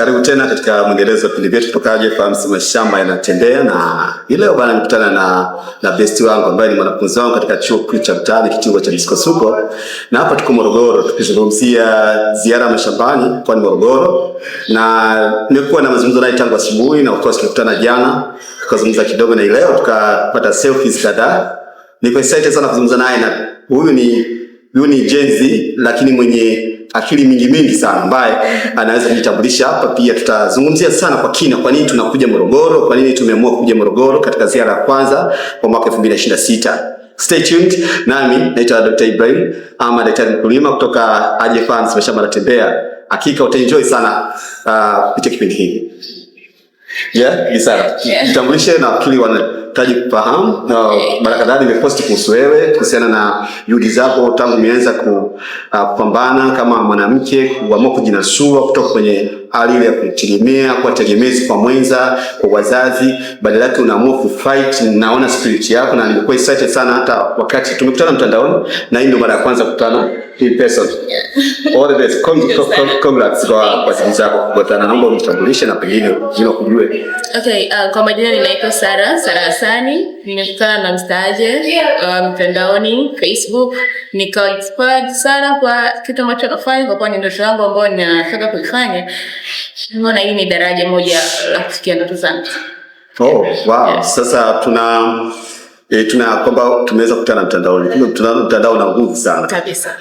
Karibu tena katika mwendelezo wa vipindi vyetu kutoka Fahamu Mashamba Yanatembea, na hii leo bana nikutana na na best wangu ambaye ni mwanafunzi wangu katika chuo kikuu cha mtaani kitivo cha Misukosuko, na hapa tuko Morogoro tukizungumzia ziara mashambani kwa ni Morogoro, na nimekuwa na mazungumzo naye tangu asubuhi, na of course tulikutana jana tukazungumza kidogo, na leo tukapata selfies kadhaa. Niko excited sana kuzungumza naye, na huyu ni Huyu ni jenzi lakini mwenye akili mingi mingi sana ambaye anaweza kujitambulisha hapa. Pia tutazungumzia sana kwa kina kwa nini tunakuja Morogoro, kwa nini tumeamua kuja Morogoro katika ziara ya kwanza kwa mwaka 2026. Stay tuned. Nami naitwa Dr. Ibrahim ama daktari mkulima kutoka Aje Farms mashamba natembea. Hakika utaenjoy sana uh, kipindi hiki. Yeah, Yeah. Jitambulishe na akili wana taji kufahamu. Uh, mara kadhaa nimeposti kuhusu wewe kuhusiana na juhudi zako tangu umeanza ah, kupambana kama mwanamke kuamua kujinasua kutoka kwenye hali ile ya kujitegemea, kwa tegemezi kwa mwenza, kwa wazazi, badala yake unaamua kufight. Naona spirit yako, na nilikuwa excited sana hata wakati tumekutana mtandaoni, na hii ndio mara ya kwanza kukutana in person. All the best, congrats kwa kwa kazi zako, naomba unitambulishe na pengine jina kujue. Okay, uh, kwa majina ninaitwa Sara Sara Hasani, nimekutana na mstaaje uh, mtandaoni Facebook nikawa inspired sana kwa kitu ambacho anafanya, kwa kuwa ni ndoto yangu ambayo ninataka kuifanya naona hii ni daraja moja la kufikia ndoto zangu. Oh, wow. Yeah. Sasa tuna E, tuna kwamba tumeweza kukutana mtandaoni. Mtandao una nguvu sana kabisa.